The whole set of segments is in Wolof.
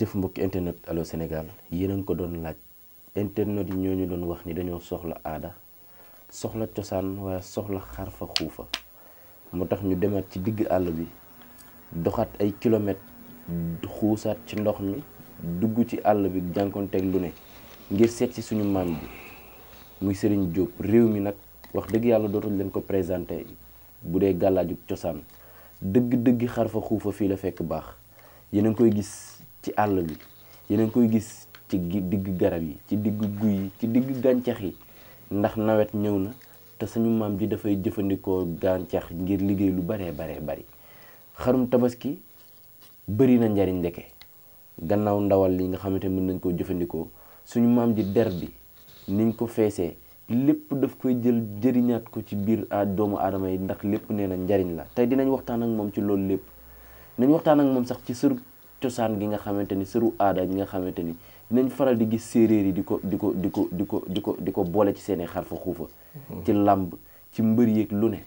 jëf mbokk internet Allô Sénégal yéen ko doon laaj internet yi ñoo ñu doon wax ni dañoo soxla aada soxla cosaan waaye soxla xarfa xuufa moo tax ñu demaat ci digg àll bi doxaat ay kilomètres xuusaat ci ndox mi dugg ci àll bi jànkonteeg lu ne ngir seet ci suñu maam bi muy Serigne Diop réew mi nag wax dëgg yàlla dootul leen ko présenté bu dee gàllaaju cosaan dëgg-dëgg xarfa xuufa fii la fekk baax yéen koy gis. ci àll bi yéen a koy gis ci digg garab yi ci digg guy ci digg gàncax yi ndax nawet ñëw na te suñu maam ji dafay jëfandikoo gàncax ngir liggéey lu baree baree bari xarum tabaski bari na njariñ ndeke gannaaw ndawal li nga xamante mën nañ koo jëfandikoo suñu maam ji der bi niñ ko feesee lépp daf koy jël jëriñaat ko ci biir doomu aadama yi ndax lépp nee na njariñ la tey dinañ waxtaan ak moom ci loolu lépp nañ waxtaan ak moom sax ci sur cosaan gi nga xamante ni sëru aada gi nga xamante ni dinañ faral di gis séeréer yi di ko di ko di ko di ko di ko di ko boole ci seeni xarfa xuufa mm-hmm. ci làmb ci mbër yeeg lu ne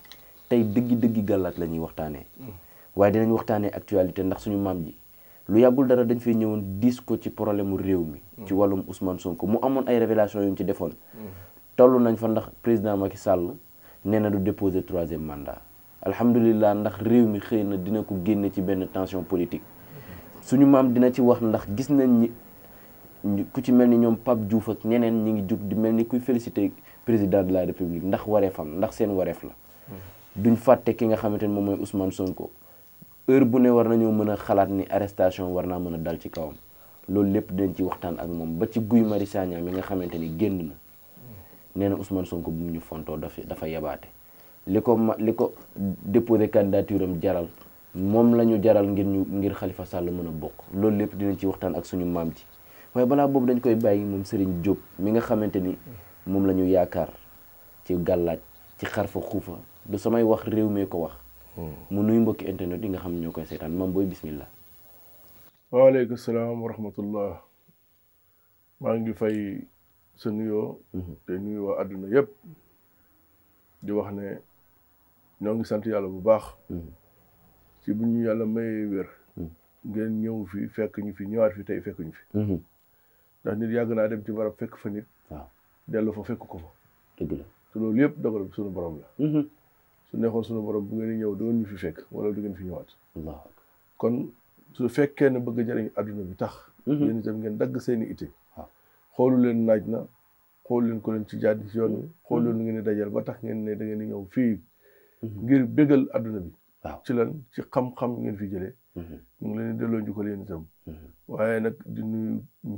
tey dëggi dëggi gàllaat la ñuy waxtaanee mm-hmm. waaye dinañ waxtaanee actualité ndax suñu maam ji lu yàggul dara dañ fay ñëwoon diis ko ci problème mu réew mi mm-hmm. ci wàllum Ousmane Sonko mu amoon ay révélation yu ci defoon toll nañ fa ndax président Macky Sall nee na du déposer troisième mandat alhamdulilah ndax réew mi xëy na dina ko génne ci benn tension politique suñu maam dina ci wax ndax gis nañ ni ku ci mel ni ñoom Pape Diouf ak ñeneen ñi ngi jug di mel ni kuy féliciter président de la république ndax wareefam ndax seen wareef la. Mm-hmm. duñ fàtte ki nga xamante ni moom mooy Ousmane Sonko heure bu ne war na nañoo mën a xalaat ni arrestation war naa mën a dal ci kawam loolu lépp dinañ ci waxtaan ak moom ba ci Guy Marius Sagna mi nga xamante ni génn na mm-hmm. nee na Ousmane Sonko bu mu ñu fontoo dafa dafa yebaate li ko ma li ko déposé am jaral. moom la ñu jaral ngir ñu ngir xalifa sàll mën a bokk loolu lépp dinañ ci waxtaan ak suñu maam ji waaye balaa boobu dañ koy bàyyi moom seriñ Diop mi nga xamante ni moom la ñu yaakaar ci gàllaaj ci xarfa xuufa du samay wax réew mee ko wax hmm. mu nuy mbokki internet yi nga xam ne ñoo koy seetaan maam booy bismillah waaleykum salaam wa rahmatullah maa ngi fay sa nuyoo te hmm. nuyoo àdduna yëpp di wax ne ñoo ngi sant yàlla bu baax hmm. ci bu ñu yàlla mayee wér. Hmm. ngeen ñëw fi fekk ñu fi ñëwaat fi tey fekk ñu fi. Hmm. ndax nit yàgg naa dem ci barab fekk fa nit. waaw dellu fa fekk ko fa. dëgg loolu yëpp dogal sunu borom la. Hmm. su neexoon suñu borom bu ngeen ñëw doon ñu fi fekk wala du ngeen fi ñëwaat. waaw kon su fekkee ne bëgg jëriñ adduna bi tax. yéen itam ngeen dagg seen i xoolu leen naaj na. xool leen ko leen ci jaar ci yoon wi. xool leen dajal ba tax ngeen ne da ngeen di ñëw fii. ngir bégal adduna bi. waaw ci lan ci xam-xam ngeen fi jëlee. ñu mhm. ngi leen di delloo njukkal yéen itam. Mhm. waaye nag di nuyu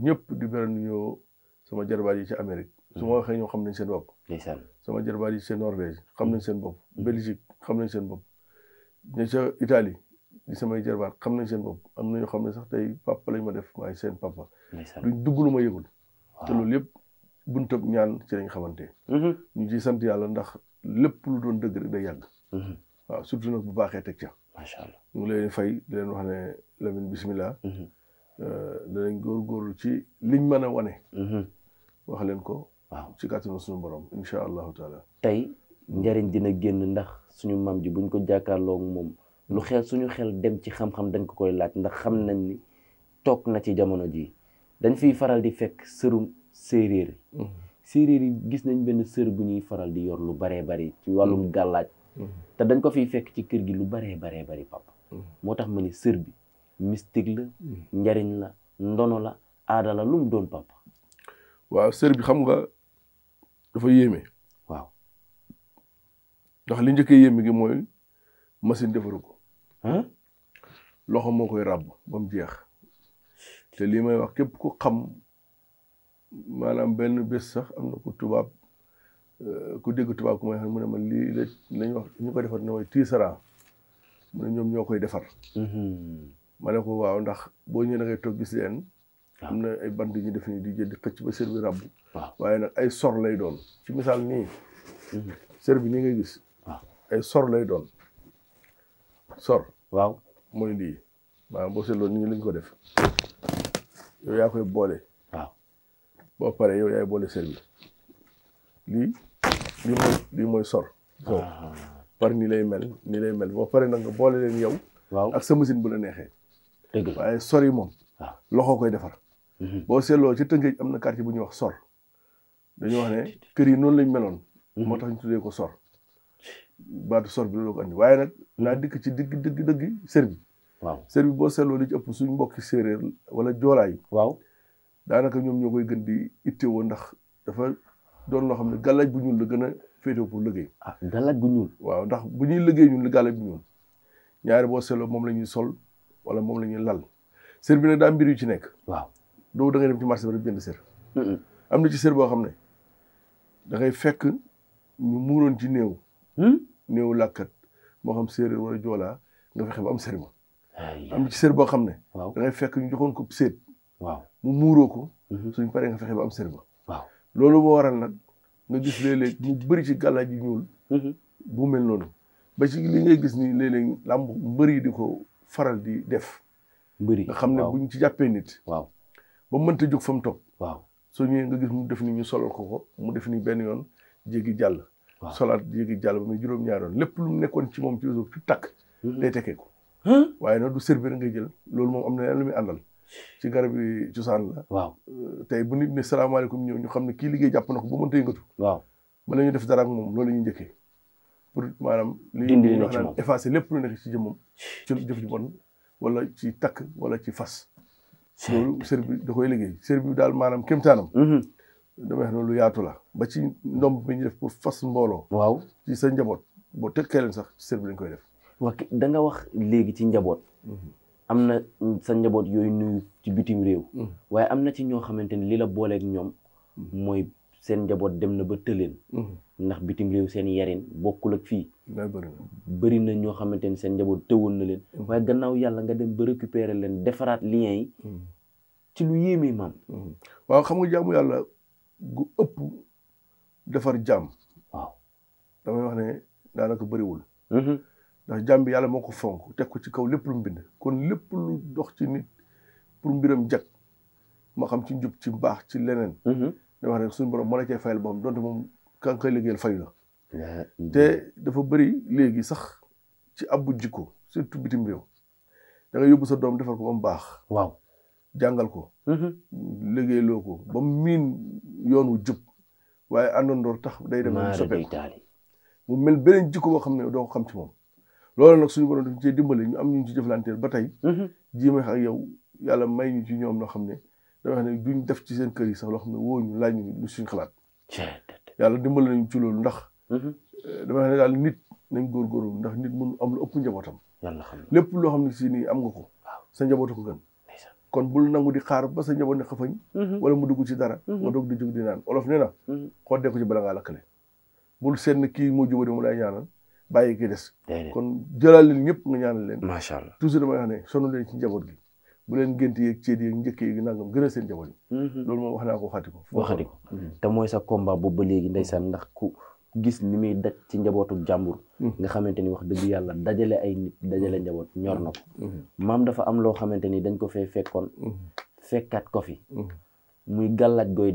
ñëpp di beral nuyoo sama jarbaat yi ci Amérique. su ma mhm. waxee ñoom xam nañ seen bopp. ndeysaan sama jarbaat yi ci Norvège xam nañ seen bopp. Belgique xam nañ seen bopp. ña ca Italie di samay jarbaat xam nañ seen bopp am na ñoo xam ne sax tey papa lañ ma def maay seen papa. duñ dugg lu ma yëgul. te loolu yëpp buntab ñaan ci lañ xamante. ñu ciy sant yàlla ndax lépp lu doon dëgg rek day waaw surtout nag bu baaxee teg ca. macha allah mu ngi leen fay di leen wax ne Lamine bisimilah. Mhm. Euh, danañ góor ci liñ mën a wane. Mhm. wax leen ko. waaw ci kàttanu suñu borom incha allahu taala. tey njariñ dina génn ndax suñu maam ji buñ ko jàkkaarloo moom lu xel suñu xel dem ci xam-xam dañ ko koy laaj ndax xam nañ ni toog na ci jamono ji dañ fi faral di fekk sërum séeréer. Mhm. séeréer yi gis nañ benn sër bu ñuy faral di yor lu baree bari ci wàllum gàllaaj te dañ ko fi fekk ci kër gi lu baree baree bari papa moo tax ma ni sër bi mystique la njariñ la ndono la aada la lu mu doon papa waaw sër bi xam nga dafa yéeme waaw ndax li njëkkee yéeme gi mooy machine defaru ko loxo moo koy ràbb ba jeex te lii may wax képp ku xam maanaam benn bés sax am na ko tubaab Euh, ku dégg tubaab ku may xam mu ne ma lii la lañ wax ñu ko defar ne mooy tiisara mu ne ñoom ñoo koy defar. Mm-hmm. ma waaw ndax boo ñëwee da ngay toog gis leen. Ah. am na ay bant ñu def nii di jël di xëcc ba sër bi ràbb. Ah. waaye nag ay sor lay doon ci misaal nii. Mm-hmm. sër bi nii ngay gis. Ah. ay sor lay doon. sor. waaw mooy lii maanaam boo seetloo nii lañ ko def yow yaa koy boole. waaw boo paree yow yaay boole sër lii lii mooy lii mooy sor. Ah. par ni lay mel ni lay mel boo paree nag nga boole leen yow. waaw ak sa machine bu la neexee. dëgg la waaye sor yi moom. Ah. loxoo koy defar. Mhm. boo seetloo ci Tëngéej am na quartier bu ñuy wax sor. dañu wax ne kër yi noonu lañ meloon. Mhm. moo tax ñu tuddee ko sor. baatu sor bi loolu ko andi waaye nag mhm. naa dikk ci digg digg dëgg sër bi. waaw bi boo selloo li ci ëpp suñ mbokki séeréer wala joolaay. waaw daanaka ñoom ñoo koy gën di ittewoo ndax dafa doon loo xam ne gàllaaj bu ñuul la gën a féetewoo pour liggéey. ah gàllaaj ñuul. waaw ndax bu ñuy liggéey ñun li gàllaaj bu ñuul ñaari boo seetloo moom la ñuy sol wala moom la ñuy lal sër bi nag daa mbir yu ci nekk. waaw doo da nga dem ci marché bi rek jënd sër. am na ci sër boo xam ne da fekk ñu ci néew. Hmm? néew làkkat moo xam séeréer wala joolaa nga fexe am sër am ci sër boo xam ne. da ngay fekk ñu joxoon ko seet waaw mu muuroo ko. Mm-hmm. suñ paree nga fexe ba am sër ma. loolu moo waral nag nga gis léeg-léeg ñu bëri ci gàllaaj yi ñuul mhm. bu mel noonu ba ci li ngay gis ni léeg-léeg làmb mbër di ko faral di def mbër yi nga xam ne buñ ci jàppee nit waaw ba mënta jog fa mu toog waaw soo ñëwee nga gis mu def ni ñu solal ko ko mu def ni benn yoon jéggi jàll solaat jéggi jàll ba muy juróom-ñaari yoon lépp lu nekkoon ci moom ci suuf ci takk mhm. day tekkee ko waaye nag du servir ngay jël loolu moom am na lu muy àndal ci garab yi cosaan la. waaw euh, tey bu nit ne salaamaaleykum ñëw ñu xam ne kii liggéey jàpp na ko ba mënta yëngatu. waaw ba la ñu def dara ak moom loolu la ñuy njëkkee pour maanaam. dindi li nekk ci moom effacer lépp lu nekk ci jëmmam. ci jëf ju bon walla ci takk wala ci fas. loolu sër bi da koy liggéey sër bi daal maanaam kéemtaanam. Mhm. damay wax loolu yaatu la ba ci ndomb bi ñu def pour fas mbooloo. waaw ci sax njaboot boo tekkee leen sax sër bi lañ koy def. waaw da wax léegi ci njaboot. Mhm. am na sa njaboot yooyu nuyu ci bitim réew. Mm. waaye am na ci ñoo xamante ni li la booleeg ñoom. Mm. mooy seen njaboot dem na ba tëleen. Mm. ndax bitim réew seen yarin bokkul ak fii. bëri na ñoo xamante ni seen njaboot tëwoon na leen. waaye gannaaw yàlla nga dem ba récupérer leen defaraat lien yi. ci lu yéeme maam. waaw xam nga jaamu yàlla gu ëpp defar jaam. waaw damay wax ne daanaka bëriwul. Mm-hmm. ndax jàmm bi yàlla moo ko fonk teg ko ci kaw lépp lu mu bind kon lépp lu ci nit pour mbiram jag ma xam ci jub ci baax ci leneen. Mm-hmm. da wax ne suñu borom moo la cay fayal moom donte moom kan koy liggéeyal fayu la. te dafa bari léegi sax ci abbu jikko surtout bitim réew. da nga yóbbu sa doom defal ko ba mu baax. waaw jàngal ko. Mm-hmm. liggéeyloo ko ba mu miin yoonu jub waaye àndandoor tax day dem. soppeeku mu mel beneen jikko boo xam ne doo ko xam ci moom. loolu nag suñu borom daf cee dimbale ñu am ñu ci jëflanteel ba tey mhm. jiima ak yow yàlla may ñu ci ñoom loo xam ne dama xam ne duñ def ci seen kër yi sax loo xam ne woo ñu laaj ñu lu suñ xalaat yàlla dimbale nañu ci loolu ndax mhm. eh, dama xam ne daal nit nañ góorgóorlu ndax nit mënu am lu ëpp njabootam lépp loo xam ne si nii am nga ko sa njaboota ko gën kon bul nangu di xaar ba sa njaboot ne xafañ mhm. wala mu dugg ci dara nga doog di jóg di naan olof nee na xoddee ko ci bala ngaa lakkale bul seet ne kii moo jubadi mu lay ñaanal bàyyi ki des. kon jëlaal leen ñëpp nga ñaanal leen. macha allah toujours damay wax ne sonn leen ci njaboot gi. bu leen gént yeeg ceeb yeeg njëkk yeeg nangam gën seen njaboot yi. Mm-hmm. loolu moom wax naa ko waxati ko. waxati ko mm-hmm. te mooy sa komba boobu ba léegi ndeysaan ndax ku gis ni muy daj ci njabootu jàmbur. Mm-hmm. nga xamante ni wax dëgg yàlla dajale ay nit dajale njaboot ñor na ko. maam dafa am loo xamante ni dañ ko fee fekkoon. fekkaat ko fi. muy gàllaaj gooy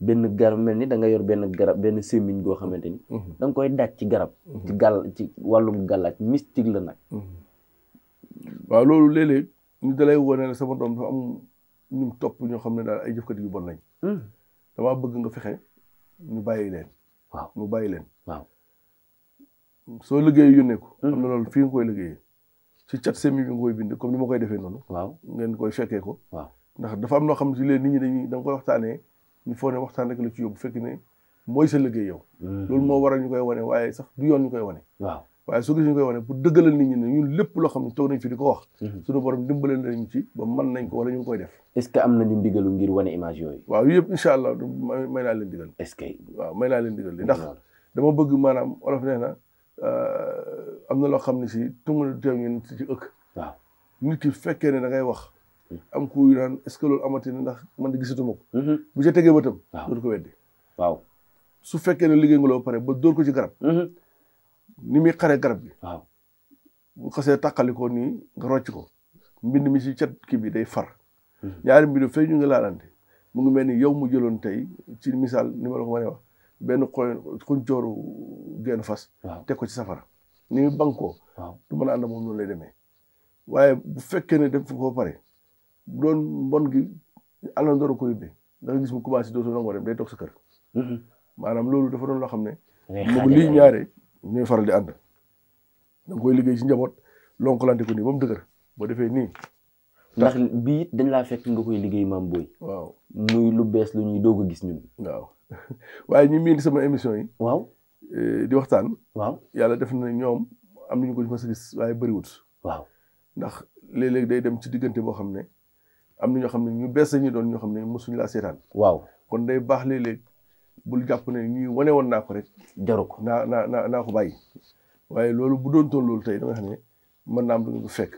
benn garab mel ni danga yor benn garab benn sémmiñ goo xamante ni. Mhm. da koy daaj ci garab. Mhm. ci ci wàllum gàllaaj mystique la nag. Mhm. waaw loolu léeg-léeg ñu dalay wane sama doom dafa am ñu ñoo xam ne daal ay jëfkat yu bon lañ. Hmm. bëgg nga fexe ñu bàyyi leen. waaw ñu bàyyi leen. waaw soo liggéeyee yónnee ko. Hmm. am na loolu fii nga koy bi nga koy koy defee noonu. waaw ngeen koy fekkee ko. waaw ndax dafa am noo si léegi dañuy da nga koy waxtaanee. ñu foog waxtaan rek la ci yóbbu fekk ne mooy sa liggéey yow. Mm-hmm. loolu moo waral ñu koy wane waaye sax du yoon ñu koy wane. waaye soo gisee ñu koy wane pour dëggalal nit ñi ne ñun lépp loo xam ne toog nañ fi di ko wax. Mm-hmm. suñu borom dimbaleen nañu ci ñu ngi koy def. est ce que am nañu ndigalu ngir wane image yooyu. waaw yëpp incha allah may naa leen digal. est ce que waaw may naa leen mm-hmm. dama bëgg maanaam olof nee na euh, am na loo xam ne si tungal teew ngeen ci ëkk. waaw nit ki fekkee ne da ngay wax am ku naan est ce que loolu amati ndax man de gisatuma mhm. bu ca tegee bëtam. waaw dootu ko weddi. waaw su fekkee ne liggéey nga loo pare ba dóor ko ci garab. Mhm. ni muy xaree garab bi. waaw bu xasee takkali ko nii nga ko. mbind mi si ca kii bi day far. Mhm. ñaari mbind fay ñu ngi laalante mu ngi mel ni yow mu jëloon tey ci misaal ni ma la ko benn xoy xuncooru genn fas. teg ko ci safara. ni muy bankoo. waaw du mën a ànd moom noonu lay demee. waaye bu fekkee ne def ko pare. bu doon mbon gi alal door a ko yóbbee da nga gis mu commencé dootul nangoo dem day toog sa kër. Mm-hmm. maanaam loolu dafa doon loo xam ne. moom lii ñaare ñooy faral di ànd. da nga koy liggéey ci njaboot lonkalante ko nii mu dëgër boo defee nii. ndax bii dañ laa fekk nga liggéey maam booy. waaw lu bees lu ñuy doog a gis ñun. waaw waaye ñu miin sama émission yi. waaw eh, di waxtaan. waaw yàlla def na ñoom am nañu ko mos a gis waaye bëriwut. waaw ndax léeg-léeg day dem ci diggante boo xam ne. am na ñoo xam ne ñu bees la ñu doon ñoo xam ne mosuñu laa seetaan. waaw kon day baax léeg-léeg bul jàpp ne ñuy wane woon naa ko rek. jaru ko naa naa naa naa ko bay waaye loolu bu doon toon loolu tey da nga xam ne mën naa am lu ñu fekk.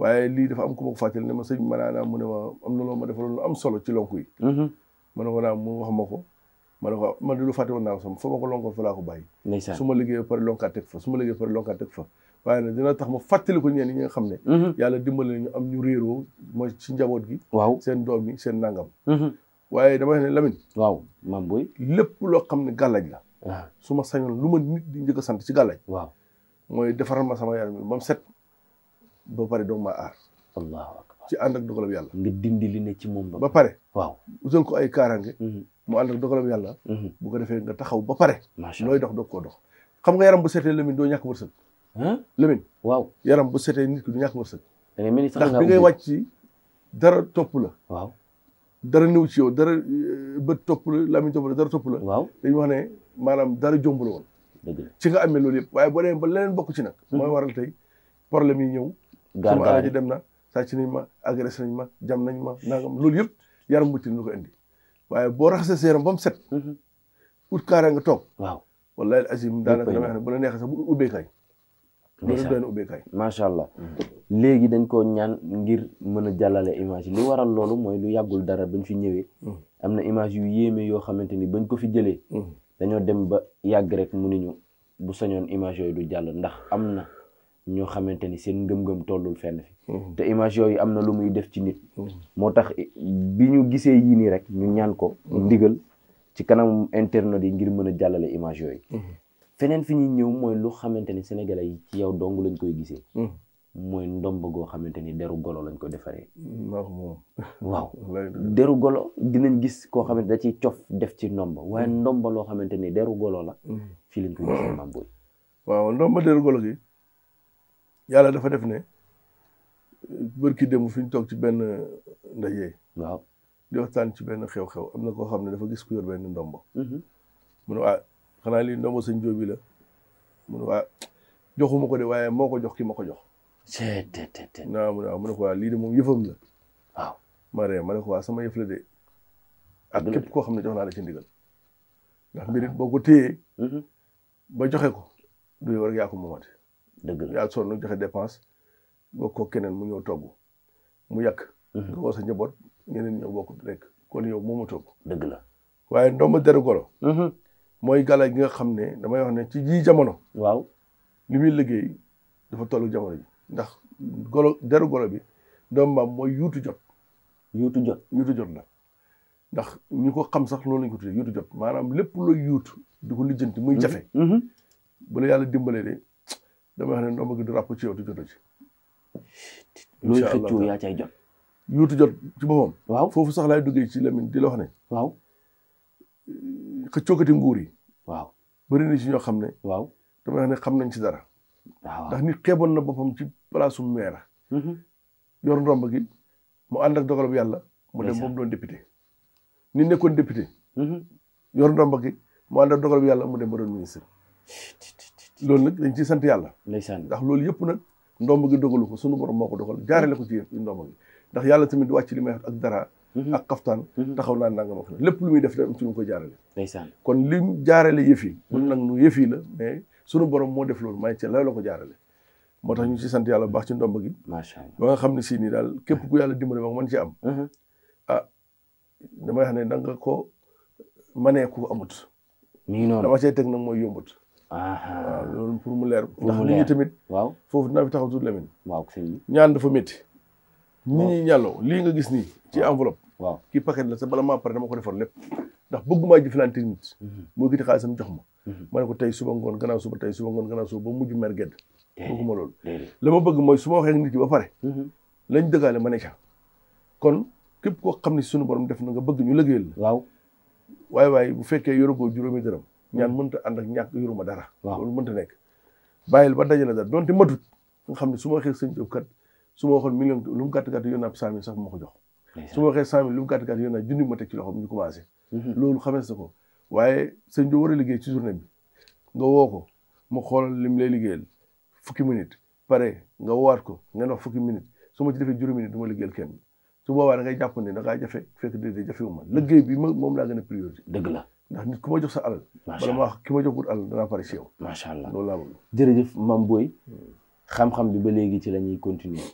waaye lii dafa am ku ma ko fàttali ne ma sëñ bi ma naa mu ne ma am na loo ma defaloon lu am solo ci lonku yi. Mhm. ma ne ko naa mu wax ma ko. ma ne ko man de lu fàtte woon naa ko sama fa ma ko lonkoon fa laa ko bàyyi. ndeysaan su ma liggéeyee ba pare lonkaat teg fa su ma liggéeyee ba pare lonkaat teg fa. ma fàttali ko mhm. mhm. loo xam ne gàllaaj la. waaw ah. su ma sañoon lu ma nit di njëkk a sant si gàllaaj. waaw mooy defaral ma sama yaram ba mu set ba pare doog maa aar. allahu akbar ci ànd ak dogalam yàlla. nga dindi li ne ci moom ba. ba pare. waaw ko ay kaaraange. Mhm. mu ànd ak dogalam yàlla mhm. bu ko defee nga taxaw ba pare looy dox doog koo dox xam nga yaram bu sete Lamine doo ñàkk wërsëg Lamine waaw yaram bu setee nit ki du ñàkk wërsëg ndax bi ngay wàcc dara topp la waaw dara néew ci yow dara euh, bët topp la Lamine topp la dara topp la waaw dañu wax ne maanaam dara jomb la woon ci nga amee loolu yëpp waaye boo ba leneen bokku ci nag mhm. mooy waral tey problème yi ñëw sama alal ji dem na sàcc nañ ma agressé nañ ma jam nañ ma nangam loolu yëpp yaram bu ci lu ko waaye boo raxasee sa yaram ba mu set. Mhm. ut kaara nga toog. waaw wallahi al daanaka damay xam ne bu la neexee sax bu macha allah mm. léegi dañ ko ñaan ngir mën a jàllale image yi waral loolu mooy lu yàggul dara bañ fi ñëwee. Mm. am na image yu yéeme yoo xamante ni bañ ko fi jëlee. Mm. dañoo dem ba yàgg rek mu mënuñu bu sañoon image yooyu du jàll ndax am na. ñoo xamante ni seen ngëm-ngëm tollul fenn fi. Mm-hmm. te image yooyu am na lu muy def ci nit. Mm-hmm. moo tax bi ñu gisee yii nii rek ñu ñaan ko. Mm-hmm. ndigal ci kanam internet yi ngir mën a jàllale image yooyu. feneen fi ñuy ñëw mooy lu xamante ni sénégalais yi ci yow dong lañ koy gisee. mooy ndomb goo xamante ni deru golo lañ ko defaree. waaw deru golo dinañ gis koo xamante da ciy cof def ci ndomb waaye ndomba loo xamante ni deru golo la. fii lañ koy gisee maam booy. yàlla dafa def ne bërki démb fi ñu toog ci benn uh, ndaje. waaw di waxtaan ci benn xew-xew am na koo xam ne dafa gis ku yor benn ndombo. Mm-hmm. mu ne waa ah, xanaa lii ndombo sëñ Jóobi la mu ne waa ah, ko de waaye moo ko jox ki ma ko jox. c'est vrai. naa mu ne waaw ah, mu ko waa lii de moom yëfam la. waaw ma ree ko waa sama yëf la de. ak képp koo xam ne jox naa la ci ndigal. ndax mbirit boo ko téyee. Mm-hmm. ba joxe ko du yow rek yaa ko moomatee. dëgg la yaa sonn joxe dépense boo ko keneen mu ñëw togg mu yàq. Mhm. nga woo njaboot ñeneen ñëw bokk rek kon yow moo ma togg. dëgg la waaye ndomba deru golo. Mhm. mooy gala gi nga xam ne damay wax ne ci ji jamono. waaw li muy liggéey dafa tollu jamono ji ndax golo deru golo bi ndombaam mooy yuutu jot. yuutu jot yuutu jot la ndax ñu ko xam sax loolu lañ ko tuddee yuutu jot maanaam lépp looy yuutu du ko lijjanti muy jafe. Mhm. bu la yàlla dimbalee de dama wax ne ndomba gi du ràpp ci yow te jotu ci. looy xëccoo yaa cay jot. jot ci boppam. waaw foofu sax laay duggee ci Lamine di la wax ne. waaw. xëccookati nguur yi. waaw bëri na ci ñoo xam ne. waaw dama wax ne xam nañ ci dara. waaw ndax nit xeeboon na boppam ci palaasu maire. Mm-hmm. yor ndomb gi mu ànd ak dogal yàlla. mu dem moom doon député. ni nekkoon député. Mm-hmm. yor ndomb gi mu ànd ak dogal yàlla mu dem ba doon ministre. loolu nag dañ ciy sant yàlla ndax loolu yëpp nag ndomb gi dogalu ko sunu borom moo ko dogal jaarale ko ci yéen ndomb gi ndax yàlla tamit wàcc li may wax ak dara mhm. ak kaftaan mhm. taxaw naa nanga ma ko lépp lu muy def da am ci lu kon li mu jaarale yëf yi mun mhm. nag nu yëf sunu borom moo def loolu may ci la la ko jaarale moo tax ñu ci sant yàlla bu baax ci ndomb gi macha allah ba nga xam ne si nii daal képp ku yàlla dimbale ba man ci am ah damay xam ne ku nga ko manee ku amut dama cay teg nag mooy yombut waaw loolu pour mu leer. ndax nit ñi tamit. waaw foofu dinaa fi taxaw tuuti Lamine. waaw ñaan dafa métti. nit ñi ñàlloo lii nga gis ni ci enveloppe. waaw kii paquet la sa bala maa pare dama ko defar lépp. ndax bëgguma jëflante nit. Mhm. moo gis xaalisam jox ma. Mhm. ma ne ko tey suba ngoon gannaaw suba tey suba ngoon gannaaw suba ba mujj mer gedd. Eh, bëgguma loolu. la ma bëgg mooy su ma waxee ak nit yi ba pare. Mhm. lañ dëggaale ma ne ca kon képp koo xam ne sunu borom def na nga bëgg ñu liggéeyal la. waaw waaye waaye bu fekkee yoragoo juróomi dërëm ñaan hmm. mënta ànd ak ñàkk yoruma dara loolu mënta nekk bàyyil ba dajale dara donte matut nga xam ne su ma waxee sëñ Diop kat su ma waxoon million lu mu gàtt gàtt yoon naa cent sax ma ko jox su ma waxee cent mille lu mu gàtt gàtt yoon naa junni ma teg ci loxoom hmm. loolu xamees na ko waaye sëñ Diop war a liggéey ci journée bi nga woo ko mu xoolal lim lay liggéeyal fukki minute pare nga waat ko nga wax fukki minute su ma ci defee juróomi minute du ma liggéeyal kenn su boobaa da ngay jàpp ne da ngaa jafe fekk déedéet jafewuma liggéey bi moom laa gën a priorité dëgg la ndax nit ku ma jox sa alal. macha allah ma wax ki ma joxul alal danaa pare si yow. macha allah jërëjëf Mame Boye hmm. xam-xam bi ba léegi ci la ñuy continuer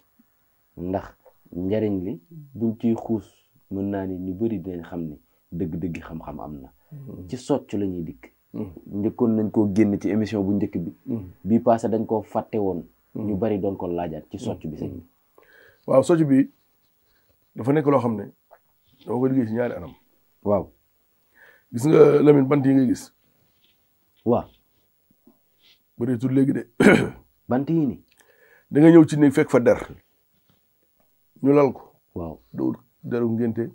ndax njariñ li buñ ciy xuus mën naa ni ñu bëri dinañ xam ni dëgg-dëgg xam-xam am na. Hmm. ci socc la ñuy dikk. Hmm. njëkkoon nañ koo génn ci émission bu njëkk bi. bii passé dañ koo fàtte woon. ñu bari doon ko laajaat ci socc bi sax. waaw socc bi dafa nekk loo xam ne dama ko liggéey si ñaari anam. waaw. gis nga Lamine bant yi ngay gis. waaw. bëreetul léegi de. bant yi nii. da nga ñëw ci ni fekk fa der. ñu lal ko. waaw du deru ngénte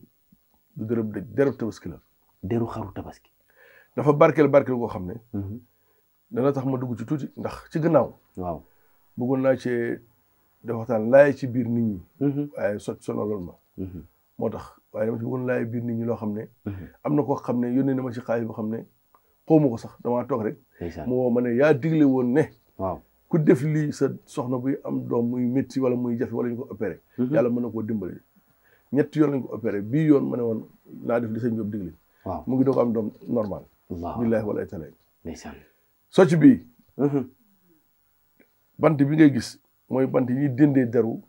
du dërëb dëj deru tabaski la. deru xaru tabaski. dafa barkeel barkeel koo xam ne. Mhm. dana tax ma dugg ci tuuti ndax ci gannaaw. waaw bëggoon naa cee dafa waxtaan laay ci biir nit ñi. Mhm. waaye so sonaloon ma. Mhm. moo waaye dama ci bëggoon laay biir ni ñi loo xam ne mhm. am na koo xam ne yónnee na ma ci xaalis boo xam ne xawma ko sax damaa toog rek mu woo ma ne yaa digle woon ne waaw ku def lii sa soxna buy am doom muy métti wala muy jafe wala ñu ko opéré mhm. yàlla mën na koo dimbali ñetti yoon lañ ko opéré bii yoon ma ne woon naa def li sëñ Diop digle waaw mu ngi doog am doom normal billaahi wala taala socc bii mhm. bant bi ngay gis mooy bant yi ñuy dëndee deru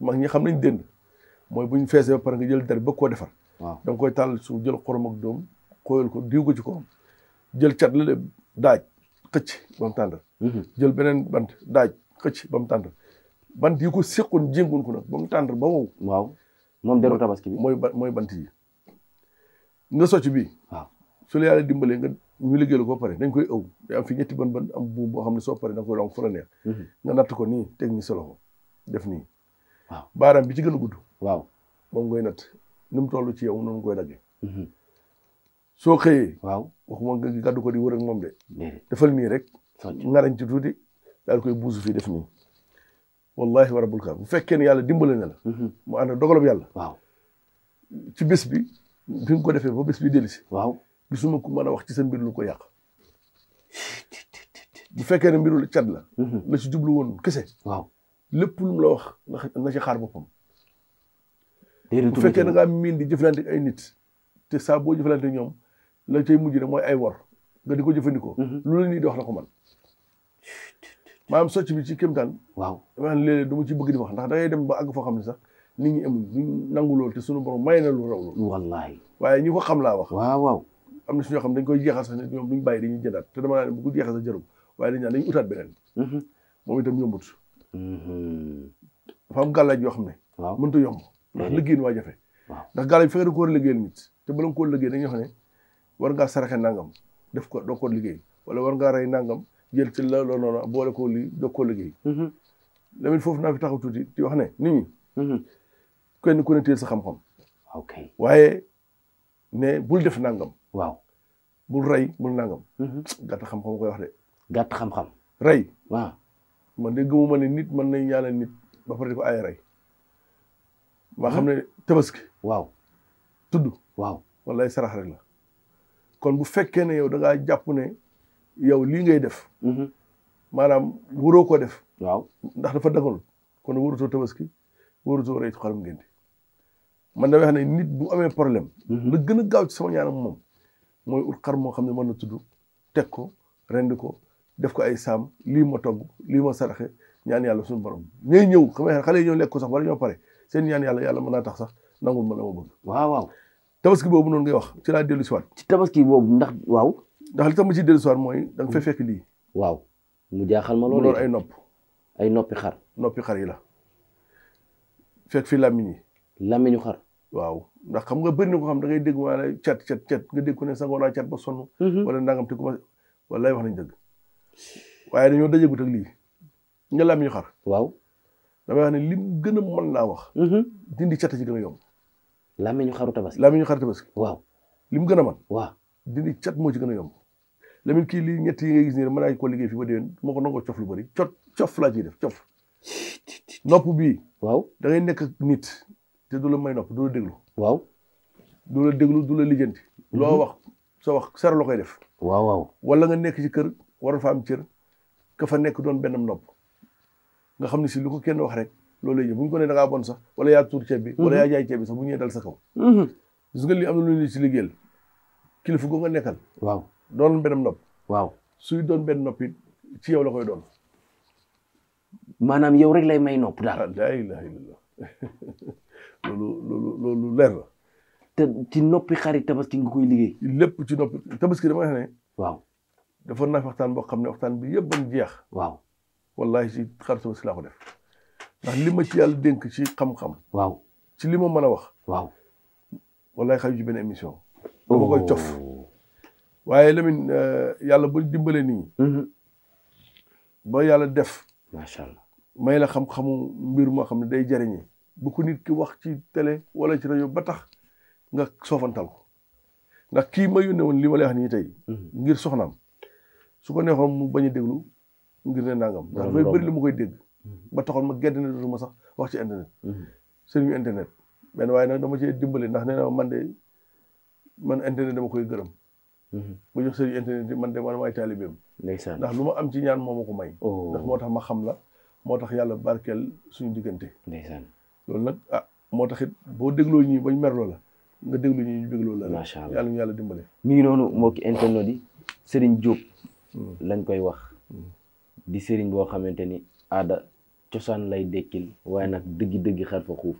mag ñi xam nañ dënd mooy bu ñu feesee ba pare nga jël der bëgg koo defar. waaw da nga koy tàll jël xorom ak ko kooyal ko diw ko ci ko jël cat la daaj xëcc ba mu tàndal. Mhm. jël beneen bant daaj xëcc ba mu tàndal. bant yi ko seqoon jéngoon ko nag ba mu tàndal ba wow. waaw moom deru mooy mooy bant yi. nga socc bi. waaw su la yàlla dimbalee nga ñu liggéeyal ko pare dañ koy ëw day am fi ñetti boo xam ne soo paree da nga koy ko fu la neex. Mhm. nga natt ko nii teg nii sa loxo def nii. waaw baaraam bi ci gën a gudd. waaw moom ngay natt ni mu toll ci yow noonu koy daggee. Mhm. soo xëyee. waaw waxuma nga gàddu ko di wër ak moom de. defal nii rek. ngarañ ci tuuti daal koy buusu fii def nii. wallahi wa rabbul kaab bu fekkee ne yàlla dimbale na la. Mhm. mu ànd dogalab yàlla. waaw ci bés bi. bi ko defee ba bés bi dellu si. waaw gisuma ku mën a wax ci sa mbir ko yàq. bu fekkee ne mbiru cat la. Mhm. la ci jublu woon kese. waaw lépp la wax na ci xaar boppam. bu fekkee da ngaa miin di jëflante ay nit te saa boo jëflante ñoom la cay mujj rek mooy ay wor nga di ko jëfandikoo mhm. lu la nii di wax na ko man maanaam socc bi ci kéemtaan waaw maanaam léeg-léeg du mu ci bëgg di wax ndax da ngay dem ba àgg foo xam ne sax ni ñi amul ñu nangu loolu te suñu borom may na lu raw loolu wallaay waaye ñi ko laa wax waaw waaw am na suñoo xam dañ koy jeexal sax ne ñoom duñ bàyyi dañuy jëndaat te dama naa ne bu ko jeexal sax jarul waaye dañ naan dañuy utaat beneen mhm. moom itam yombut mhm. dafa am gàllaaj xam ne mënta yomb ndax liggéey waa jafe ndax gaal yi da ko war a liggéeyal nit te bala nga liggéey dañuy wax ne war ngaa saraxe nangam def ko doo ko liggéey wala war ngaa rey nangam jël ci la loolu noonu boole ko lii doo ko liggéey mhm. lamin foofu naa fi taxaw tuuti di wax ne nit ñi mhm. kenn ku ne sa xam-xam ok waaye ne bul def nangam waaw bul rey bul nangam mhm. gàtt xam-xam koy wax de gàtt xam-xam rey waaw man de ne nit mën nañ ñaanal nit ba pare di ko ay rey ma xam ne tabaski. waaw tudd. waaw wallaay sarax rek kon bu fekkee ne yow da ngaa jàpp ne yow lii ngay def. maanaam wuroo ko def. waaw ndax dafa daganul. kon wurutoo tabaski wurutoo rey xarum ngeen di man da wax ne nit bu amee problème. la gën a gaaw ci sama ñaanam moom. mooy ut xar moo xam ne mën na tuddu teg ko rendi ko def ko ay saam lii ma togg lii ma saraxe ñaan yàlla suñu borom ñooy ñëw xam nga xale yi ñoo lekk ko sax wala ñoo pare. seen ñaan yàlla yàlla mën naa tax sax nangul ma la ma bëgg waaw waaw tabaski boobu noonu ngay wax ci laa dellu siwaat ci tabaski boobu ndax waaw ndax li tax ma ci dellu siwaat mooy danga fay mm. fekk lii waaw mu jaaxal ma loolu ay nopp ay noppi xar noppi xar yi la fekk fi làmmiñ yi làmmiñu xar waaw ndax xam nga bëri na ko xam da ngay dégg maa ne cat cat cat nga dégg ko ne sangoo naa cat ba sonn mm-hmm. wala nangam te commencé wala lay wax na dëgg waaye dañoo dajegut ak lii damay wax ne lim gën a mën laa wax. Mhm. dindi cata ci gën a yomb. làmmiñu xaru tabaski. làmmiñu xaru tabaski. waaw lim gën a mën. waaw dindi cat moo ci gën a yomb. lamin kii lii ñett yi nga gis nii mën naa ko liggéey fii ba déwén moo ko nangoo cof lu bëri cot cof laa ciy def cof. nopp bii. waaw da ngay nekk nit. te du la may nopp du la déglu. waaw du la déglu du la lijjanti. Mhm. loo wax sa wax ser la koy def. waaw waaw wala nga nekk ci kër war fa am cër ka fa nekk doon benn nopp. nga xam ne si lu kenn wax rek loolu lay jël bu ñu ko nee da ngaa bon sax wala yaa tuur ceeb bi mhm. wala yaa jaay ceeb bi sax bu ñëwee dal sa kaw mhm. gis nga li am na lu si liggéeyal kilifa gu nga nekkal waaw doon benn nopp waaw su doon benn nopp ci yow la koy doon maanaam yow rek lay may nopp daal ah, laa ilaha illallah loolu loolu leer la te ci noppi xarit tabaski nga koy liggéey lépp ci noppi tabaski dama ne waaw dafa naaf waxtaan boo xam ne waxtaan bi yëpp ban jeex waaw wallahi ci xarsuma si laa ko def ndax li ma ci yàlla dénk ci xam-xam. waaw ci li ma mën a wax. waaw wallahi xaju ci benn émission. Oh. dama koy cof. waaye Lamine euh, yàlla bu dimbalee nit ñi. Mm-hmm. yàlla def. macha allah may la xam-xamu mbir moo xam ne day jariñe bu ko nit ki wax ci télé wala ci rajo ba tax nga soofantal ko ndax kii ma yónnee woon li ma lay wax nii tey. Mm-hmm. ngir soxnaam su ko neexoon mu bañ déglu. ngir ne nangam ndax lu ma koy dégg ba taxoon ma gedd na dootuma sax wax ci internet mhm. sëriñu internet benn waaye nag dama cee dimbali ndax nee na man de man internet dama koy gërëm mhm. bu jox sëriñu internet yi man de man maay taalibeem ndeysaan ndax lu ma am ci ñaan moo ma ko may oh. ndax moo tax ma xam la moo tax yàlla barkel suñu diggante ndeysaan loolu nag ah, moo tax it boo dégloo ñii bañ merloo la nga déglu ñu ñu dégloo la macha allah yàlla yàlla dimbale mi ngi noonu mbokki internet yi Serigne Diop mm. lañ koy wax mm. di sëriñ boo xamante ni aada cosaan lay dekkil waaye nag dëggi-dëggi xar fa xuuf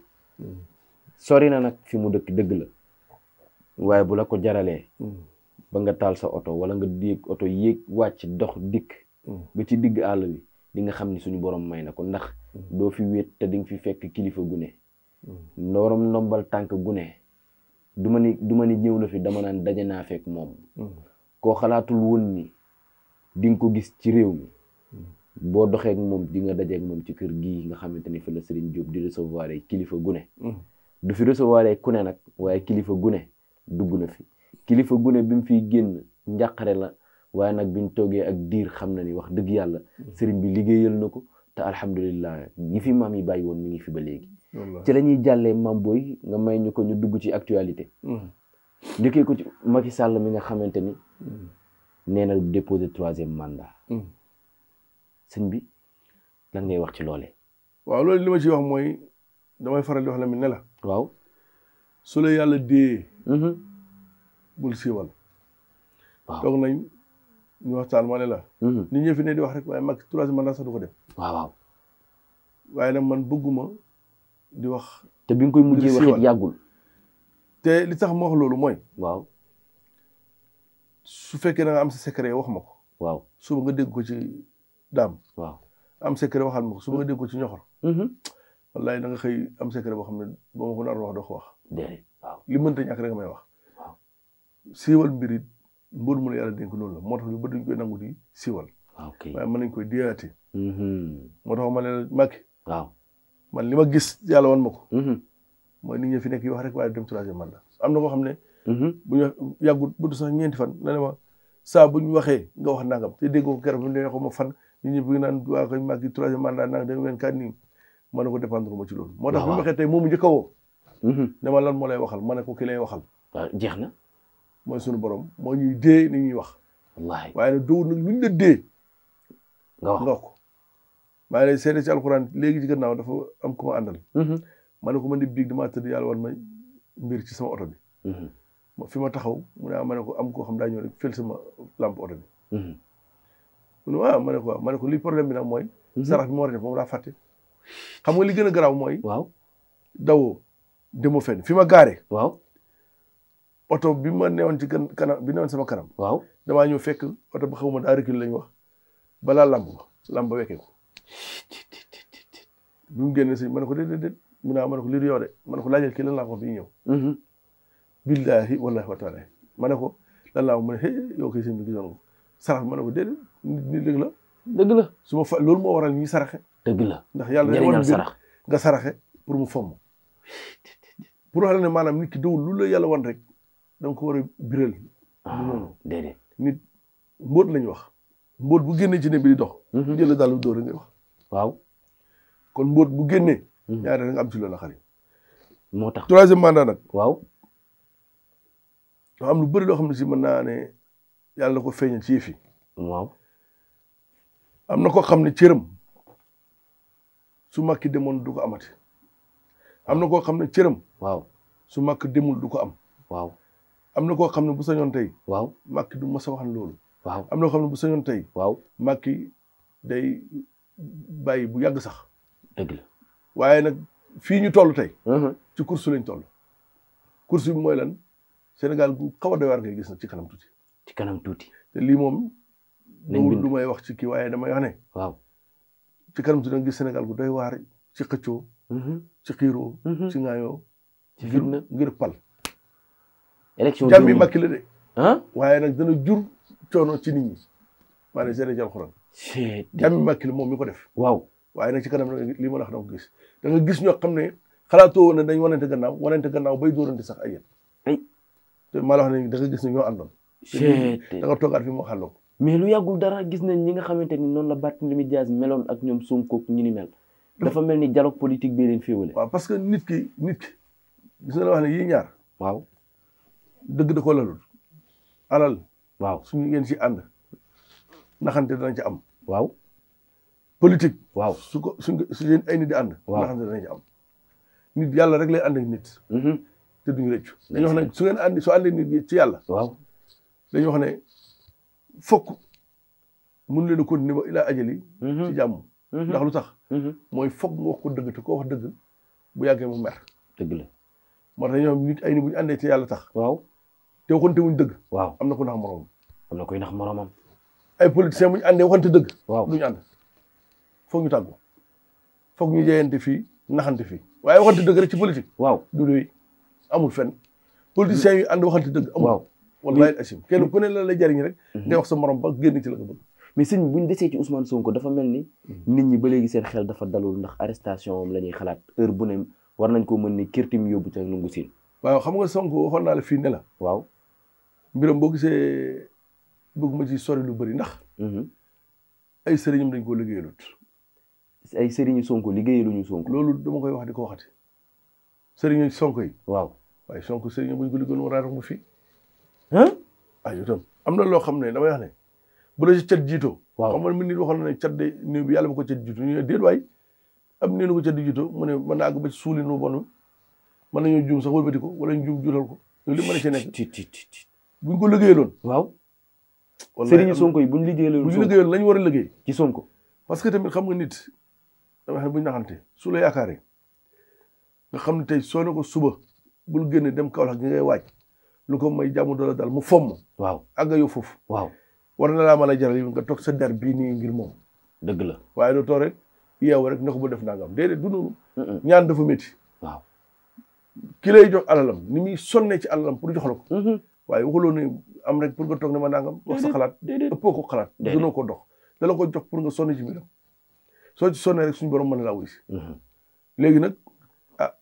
sori na nag fi mu dëkk dëgg la waaye bu la ko jaralee ba nga taal sa oto wala nga yéeg oto yéeg wàcc dox dikk ba ci digg àll bi di nga xam ni suñu borom may na ko ndax doo fi wéet te di nga fi fekk kilifa gune borom ndombal tànk gune du ma ni du ma ni ñëw na fi dama naan daje naa fekk moom mm. koo xalaatul woon ni di nga ko gis ci réew mi boo doxeek moom di nga dajeek moom ci kër gi nga xamante ni fi la Serigne Diop di recevoir ay kilifa gune mm. du fi recevoir ay ku ne nag waaye kilifa gune dugg na fi kilifa gune bi mu fi génn njàqare la waaye nag biñ toogee ak diir xam na ni wax dëgg yàlla mm. sëriñ bi liggéeyal na ko te alhamdulilah yi fi maam yi bàyyi woon mi ngi fi ba léegi ci la ñuy jàllee maam booy nga may ñu ko ñu dugg ci actualité mm. njëkkee ko ci Macky mi nga xamante ni nee na déposé troisième sëñ bi lan ngay wax ci loolee. waaw loolu li ma ci wax mooy damay faral di wax la mi ne la. waaw su la yàlla dee. Mhm. bul siiwal. waaw toog nañ ñu waxtaan ma ne la. Mhm. nit ñi fi ne di wax rek waaye mag troisième mandat sax du ko def. waaw waaw. waaye nag man bëgguma di wax. te bi nga koy mujjee wax it yàggul. te li tax ma wax loolu mooy. waaw. su fekkee da am sa secret wax ma ko. waaw suba nga dégg ko ci. daam. waaw am waxal ma ko su ma dégg ko hmm. ci ñoxor. wallaay da nga xëy am secret boo xam ne boo ma ko nar wax doo ko wax. déedéet waaw li mënta ñàkk rek may wax. waaw siiwal mbir it mbir mu la yàlla dénk noonu la moo tax ñu bëri dañ koy nangu di siiwal. Ah, ok waaye la man li ma gis yàlla wan ma ko. mooy nit ñi fi nekk yi wax rek waaye dem troisième mandat am na koo xam ne. bu ñu yàggut bu sax ñeenti fan na ne ma saa bu ñu waxee nga wax nangam te déggoo ko keroog mu ñun ñëpp ñu naan waa koñ Macky troisième mandat nag da ngeen kat nii ma ne ko dépendre ma ci loolu. moo tax bi ma waxee tey moomu njëkk a woo. Mhm. ne ma lan moo lay waxal ma ne ko ki lay waxal. waaw jeex na. mooy sunu borom moo ñuy dee ni ñuy wax. wallaahi waaye nag doo nag lu ñu la dee. nga wax nga ko. maa ngi lay seede dafa am ku ma àndal. Mhm. ma ne ko man de biig yàlla wan ma mbir ci sama oto bi. Mhm. fi ma taxaw mu ne ma ne ko am koo xam daa ñëw rek fël sama lampe oto bi. mu ne waaw ko waaw ma li problème bi nag mooy mhm. sarax bi ma war a def moom laa fàtte xam nga li gën a garaw mooy waaw dawoo demo fenn fi ma gaare waaw oto bi ma newoon ci kan bi newoon sama kanam waaw damaa ñëw fekk oto bi xawma daa recul lañu wax balaa lamb ba lamb ba wekkee ko bi mu génne sëñ ma ne ko déedéet déet mu naa ma ne ko liir yow de ma ne ko laajal kii lan laa ko bi ñëw mhm. billaahi wallaahi wa taala ma ne ko lan laa ko mu ne yow kii sëñ bi ko sarax ma ne ko déedéet ni dëgg la. la su ma fa loolu moo waral ñuy saraxe. dëgg la ndax yàlla day wan sarax nga saraxe pour mu fomm. pour wax la ne maanaam nit ki dawul lu la yàlla wan rek da ko war a biral. noonu ah, déedéet nit mbóot wax. mbóot bu génnee ci ne bi di dox. Mhm. bu jëlee daal dóor ngay wax. kon mbóot bu génnee. Mhm. ñaareel nga am ci loolu xarit. moo tax troisième mandat nag. waaw. am lu bëri loo xam ne si mën naa ne yàlla ko feeñal ci yëf am na koo xam ne cëram su Macky demoon du ko amati am na koo xam ne cëram. waaw su Macky demul du ko am. waaw am na koo xam ne bu sañoon tey. waaw Macky du mos a loolu. waaw am na koo xam bu sañoon tey. waaw Macky day bàyyi bu yàgg sax. dëgg nag fii ñu toll tey. ci course lañ toll. course bi mooy lan Sénégal gu xaw a doy waar ngay gis na ci kanam tuuti. ci kanam tuuti. te nañ bind du may wax ci kii waaye damay wax ne. waaw ci kanam tuuti gis Sénégal gu doy waar ci xëccoo. Mhm. ci xiiroo. Mhm. ci ŋaayoo. ci fitna ngir pal. élection jàmm la de. waaye nag dana jur coono ci nit ñi. maa ne seede ci alxuraan. jàmm la moom mi ko def. waaw waaye nag ci kanam li ma la da gis da gis ñoo xam ne xalaatoo woon dañ wanante gannaaw wanante gannaaw bay dóorante sax ay yéen. ay te maa da nga gis ne ñoo àndoon. da nga toogaat fi mu xàlloo. mais lu yàggul dara gis nañ ñi nga xamante ni noonu la mi Dias meloon ak ñoom Sonko ñi ni mel. dafa mel ni dialogue politique bi leen féewale. waaw parce que nit ki nit ki gis nga ñaar. waaw dëgg ko lalul alal. waaw suñu ngeen si ànd naxante danañ ci am. waaw waaw su ko su ngeen ay nit ànd. waaw naxante am. nit yàlla rek lay ànd ak nit. Mhm. te duñu rëccu. su ngeen ànd soo àndee ci yàlla. waaw dañuy fokk mun leen a continuer ba ilaa ajali mhm. ci jàmm mhm. ndax lu tax mhm. mooy fokk nga wax dëgg te koo wax dëgg bu yàggee mu mer dëgg la moo tax ay ni bu ñu àndee ci yàlla tax waaw te waxante wuñ dëgg waaw am na ko nax moroomam am na koy nax moroomam ay politiciens bu ñu àndee waxante dëgg waaw duñu ànd foog ñu tàggu foog ñu jeyante fii naxante fii waaye waxante dëgg rek ci politique waaw du doy amul fenn politiciens yu ànd waxante dëgg amul wallahi asim kenn ku ne la jariñ rek mhm. ngay wax sa morom ba génn ci la ko bëgg mais bu buñ desee ci Ousmane Sonko dafa mel ni mhm. nit ñi ba léegi seen xel dafa dalul ndax arrestation am la xalaat heure bu ne war nañ ko mën ni kirtim yóbbu ca nungu siin waaw xam nga Sonko waxoon naa la fii ne la waaw mbiram boo gisee bëgguma ci sori lu bari ndax mhm. ay sëriñam dañ koo liggéeyalut ay sëriñu Sonko liggéeyaluñu Sonko loolu dama koy wax di ko waxati sëriñu Sonko yi waaw waaye Sonko sëriñam buñ ko ah yow tam am na loo xam ne dama wax ne bu la ci cat jiitoo waaw xam nga mi nit waxoon ne cat de néew bi yàlla bu ko cat jiitoo ñu ne déet waay am néew ko cat di jiitoo mu ne mën naa àgg ba ci suuli nu bon mën nañoo juum sax wëlbati ko wala ñu juum juutal ko loolu li mën a cee nekk buñ ko liggéey loon waaw sëriñ Sonko yi buñ liggéey loon buñ liggéey la lañ war a liggéey ci ko parce que tamit xam nga nit dama xam ne buñ naxante su la yaakaaree nga xam ne tey soo ko suba bul génne dem Kaolack gi ngay waaj lu ko may jàmm doola dal mu fomm. waaw àgga yow foofu. waaw war na laa mën a jaral yow nga toog sa der bii nii ngir moom. dëgg la waaye du too rek yeewu rek na ko ba def nangam déedéet du noonu. ñaan dafa métti. waaw ki lay jox alalam ni muy sonne ci alalam pour jox la ko. Mm-hmm. waaye waxuloo ne am rek pour nga toog ne ma nangam. wax sa xalaat ëppoo ko xalaat. dunoo ko dox dala ko jox pour nga sonn ci biiram soo ci sonnee rek suñu borom mën na laa wuy si. Mm-hmm. léegi nag ah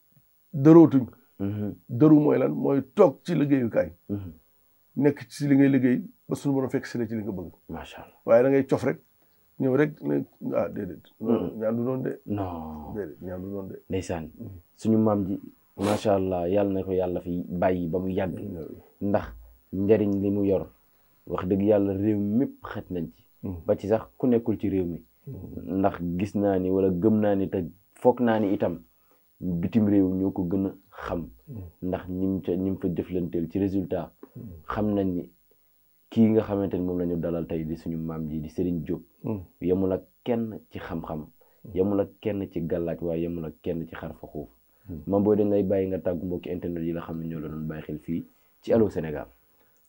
Mm-hmm. dëru mooy lan mooy toog ci liggéeyukaay. Mm-hmm. nekk ci liggéey liggéey ba suñu borom fekk si la ci nga bëgg. macha allah waaye da ngay cof rek ñëw rek ne ah déedéet. Mm-hmm. ñaan doon de. non de. ndeysaan suñu maam ji macha allah yàlla na yàlla fi bàyyi ba mu yàgg. ndax njariñ li mu yor wax dëgg yàlla réew mépp xet nañ ci. ba ci sax ku nekkul ci réew mi. ndax gis naa ni wala gëm naa ni te foog naa ni itam. bitim réew ñoo ko gën a xam mm. ndax ñim ca ñim fa jëflanteel ci résultat mm. xam nañ ni kii nga xamante ni moom la dalal tey di suñu maam ji di Serigne Diop mm. yemul ak kenn ci xam-xam yemul ak kenn ci gàllaaj waaye yemul ak kenn ci xar fa xuuf maam booy dañ lay bàyyi nga tàggu mbokki internet yi la xam ne ñoo la doon bàyyi xel fii ci Allô Sénégal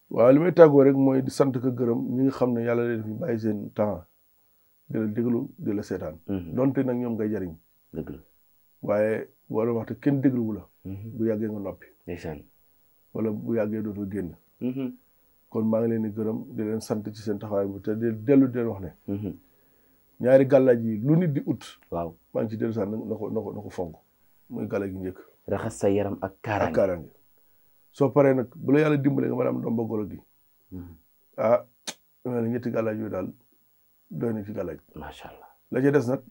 waaw li may tàggoo rek mooy di sant ko gërëm ñi nga xam ne yàlla leen fi bàyyi seen temps di la la seetaan mm-hmm. donte nag ñoom ngay jariñ wala waxtu kenn dégluwu la. Mm-hmm. bu yàggee nga noppi. ndeysaan wala bu yàggee dootoo génn. Mm-hmm. kon maa ngi leen di gërëm di leen sant ci seen taxawaay bu te di dellu di wax ne. Mm-hmm. ñaari gàllaaj yi lu nit di ut. waaw maa ci dellu sax na ko na ko na fonk muy gàllaaj gi njëkk. raxas sa yaram ak kaaraange ak kaaraange soo paree nag bu la yàlla dimbalee nga mën a am doom ba golo gi. ah ñetti gàllaaj yooyu daal doy na ci gàllaaj. la ca des nag.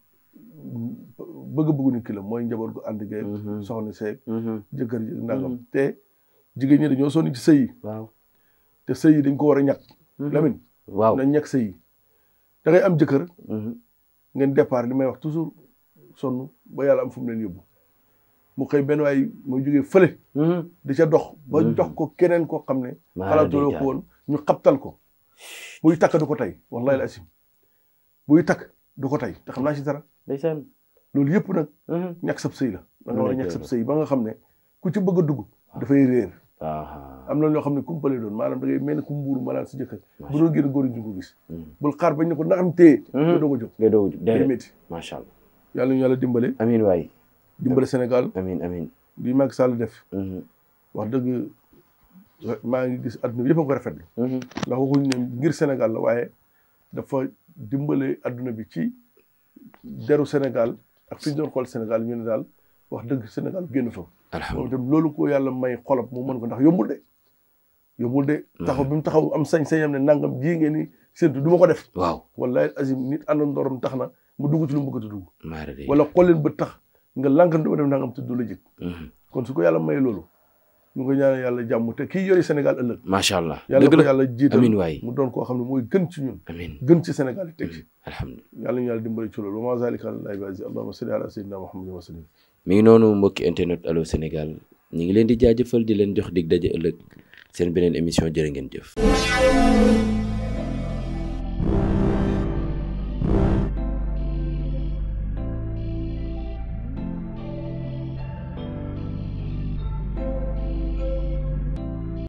bëgg bëggu nit ki mooy njaboot gu ànd geeg. Mhm. soxna seeg. Mhm. jëkkër ji nangam mhm. te jigéen ñi dañoo sonn ci sëy te sëy yi dañ ko war a ñàkk. Lamine. waaw nañ ñàkk sëy yi am jëkkër. ngeen départ li may wax toujours sonn ba yàlla am fu mu leen yóbbu. mu xëy benn waay muy jógee fële. di ca dox ba jox ko keneen koo xam ne. xalaatuloo ko woon ñu xabtal ko. muy takk du ko tey wallahi la asim takk du ko tey te xam naa ci dara. ndeysaan loolu yëpp nag mhm. ñàkk sab sëy la da nga ba nga xam ne ku ci bëgg a dugg ah. dafay réer am na ñoo xam ne kumpale doon maanaam da mel ni ku mbuur malaan si jëkkër bu doo génn góor ñu ko gis mm. bul xaar bañ ko naxam téye mhm. nga doog a jóg nga doog a jóg day métti allah yàlla ñu yàlla dimbale amiin waay dimbale Sénégal amiin amiin li Macky def mhm. wax dëgg maa ngi gis adduna bi yëpp ko rafetlu ndax waxuñu ne ngir senegal waaye dafa dimbale adduna bi ci deru Sénégal ak fi ñu doon xool Sénégal daal wax dëgg Sénégal génn fa. alhamdulilah moom loolu ko yàlla may xolam mu mën ko ndax yombul de. yombul de mm. taxaw bi mu taxaw am sañ-sañam ne nangam ji ngeen ni séntu du ma ko def. waaw wallahi azim nit àndandooram tax na mu dugg ci lu mu bëgg a dugg. wala xolleen ba tax nga lànk du ma def nangam te du la jëg mm-hmm. kon su ko yàlla may loolu. ñu ngi yàlla jàmm te kii yori Sénégal ëllëg. macha allah yàlla ko yàlla waay mu doon koo xam ne mooy gën ci ñun. amiin gën ci Sénégal yi teg ci. alhamdulilah yàlla ñu yàlla dimbali ci loolu wa ma zalika alallahi bi aziz allahumma salli ala sayyidina muhammadin wa mi ngi noonu mbokki internet allo Sénégal ñu ngi leen di jëfal di leen jox dig daje ëllëg seen beneen émission jërë ngeen jëf.